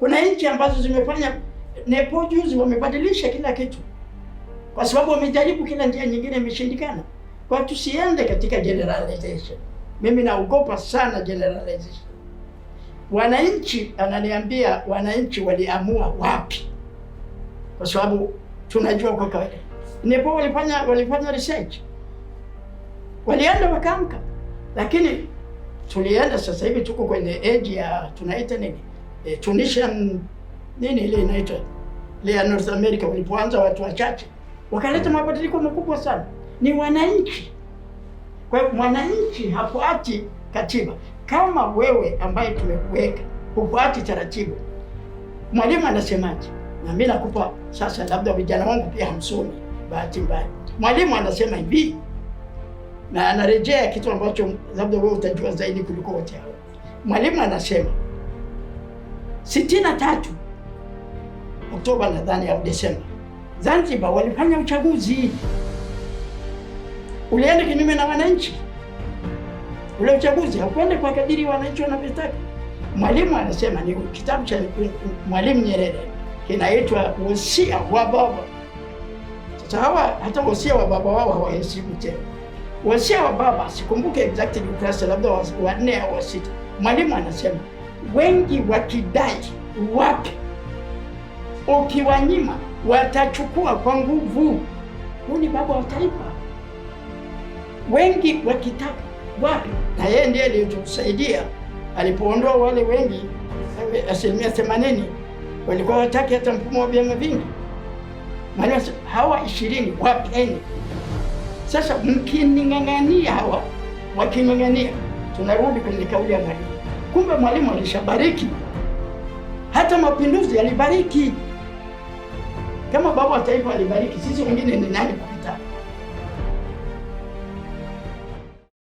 Kuna nchi ambazo zimefanya nepo, juzi wamebadilisha kila kitu, kwa sababu wamejaribu kila njia nyingine, imeshindikana. Kwa tusiende katika generalization. Mimi naogopa sana generalization. Wananchi ananiambia, wananchi waliamua wapi? Kwa sababu tunajua kwa kawaida nepo walifanya walifanya research, walienda wakaamka, lakini tulienda sasa hivi tuko kwenye age ya tunaita nini e, Tunisian nini ile inaitwa ile ya North America, walipoanza watu wachache wakaleta mabadiliko makubwa sana, ni wananchi. Kwa hiyo mwananchi hafuati katiba. Kama wewe ambaye tumekuweka hufuati taratibu, mwalimu anasemaje? Na mimi nakupa sasa, labda vijana wangu pia hamsomi, bahati mbaya. Mwalimu anasema hivi, na anarejea kitu ambacho labda wewe utajua zaidi kuliko wote hao. Mwalimu anasema sitini na tatu Oktoba nadhani au Desemba, Zanzibar walifanya uchaguzi, ulienda kinyume na wananchi. Ule uchaguzi hakwenda kwa kadiri wananchi wanavyotaka. Mwalimu anasema ni kitabu cha Mwalimu Nyerere kinaitwa Wosia wa Baba. Sasa hawa hata wosia wa baba wao hawaheshimu tena. Wosia wa baba sikumbuke exactly ukurasa labda wa nne au wa sita. Mwalimu anasema wengi wakidai wape, ukiwanyima watachukua kwa nguvu. Huyu ni baba wa taifa, wengi wakitaka wape, na yeye ndiye aliyotusaidia alipoondoa wale wengi, eh, asilimia themanini walikuwa wataki hata mfumo wa vyama vingi, maana hawa ishirini wapeni. Yaani, sasa mkining'ang'ania hawa, wakining'ang'ania, tunarudi kwenye kauli ya Mwalimu. Kumbe mwalimu alishabariki, hata mapinduzi yalibariki. Kama baba wa taifa alibariki, sisi wengine ni nani?